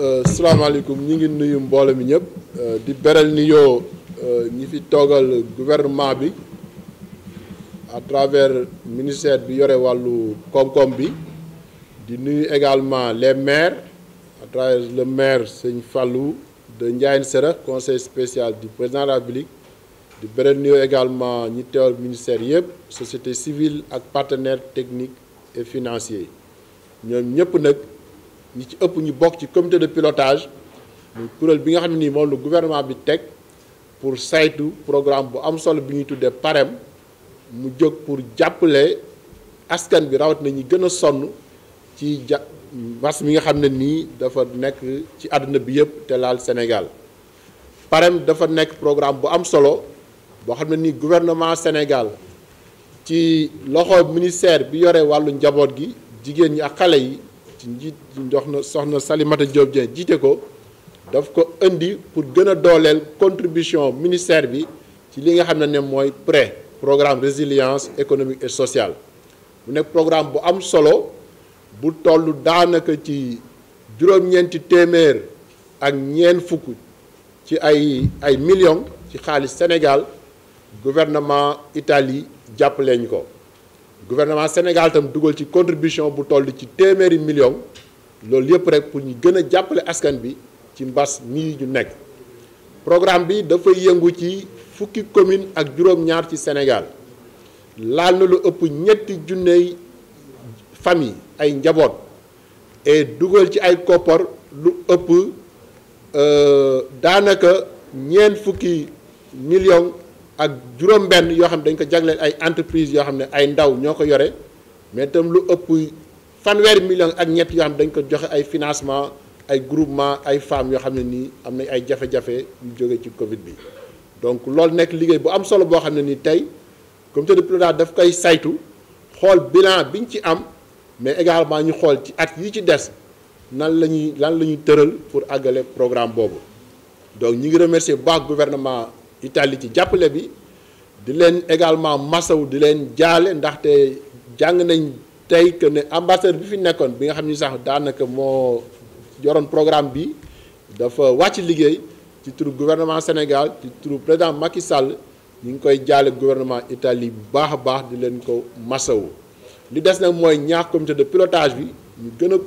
Euh, salaamaaleykum ñi ngi nuyu mbooloo mi ñëpp euh, di beral ni yoo euh, ñi fi toogal gouvernement bi à travers ministère bi yore wàllu koom-koom bi di nuyu également les maire à travers le maire sëñ Fallou de Ndiayène Sirakh conseil spécial du président de di beral ni yoo également ñi teewal ministère yëpp société civile ak partenaires technique et financiers ñoom ñëpp nag. ñi ci ëpp ñu bokk ci commité de pilotage muy kuréel bi nga xam ne nii moom lu gouvernement bi teg pour saytu programme bu am solo bi ñuy tuddee PAREM mu jóg pour jàppale askan bi rawatina ñi gën a sonn ci ja mbas mi nga xam ne nii dafa nekk ci àdduna bi yëpp te laal Sénégal PAREM dafa nekk programme bu am solo boo xam ne nii gouvernement Sénégal ci loxo ministère bi yore wàllu njaboot gi jigéen ñi ak xale yi. ci jox na soxna Salimata Diop Dieng jiite ko daf ko indi pour gën a dooleel contribution ministère bi ci li nga xam ne ne mooy près programme résilience économique et sociale mu nekk programme bu am solo bu toll daanaka ci juróom-ñeenti téeméer ak ñeent fukk ci ay ay million ci xaalis Sénégal gouvernement Italie jàppaleñ ko gouvernement Sénégal itam dugal ci contribution bu toll ci téeméeri million loolu yëpp rek pour ñu gën a jàppale askan bi ci mbas mii ñu nekk programme bi dafay yëngu ci fukki commune ak juróom-ñaar ci Sénégal laal na lu ëpp ñetti junney famille ay njaboot et dugal ci ay koppar lu ëpp euh, daanaka ñeen fukki million ak juróom-benn yoo xam ne dañ ko jagleel ay entreprise yoo xam ne ay ndaw ñoo ko yore mais itam lu ëpp fanweeri million ak ñett yoo xam ne dañ ko joxe ay financement ay groupement ay femmes yoo xam ne nii am nañ ay jafe-jafe yu jóge ci Covid bi donc loolu nekk liggéey bu am solo boo xam ne nii tey comité de pilotage daf koy saytu xool bilan biñ ci am mais également ñu xool ci at yi ci des nan la ñuy lan la ñuy tëral pour àggale programme boobu donc ñu ngi remercier bu baax gouvernement Italie ci jàppale bi di leen également masaw di leen jaale ndaxte jàng nañ tey que ne ambassadeur bi fi nekkoon bi nga xam ni sax daanaka moo joroon programme bi dafa wàcc liggéey ci turu gouvernement Sénégal ci turu président Macky Sall ñu ngi koy jaale gouvernement Italie bu baax baax di leen ko masawu li des nag mooy ñaax comité de pilotage bi ñu gën a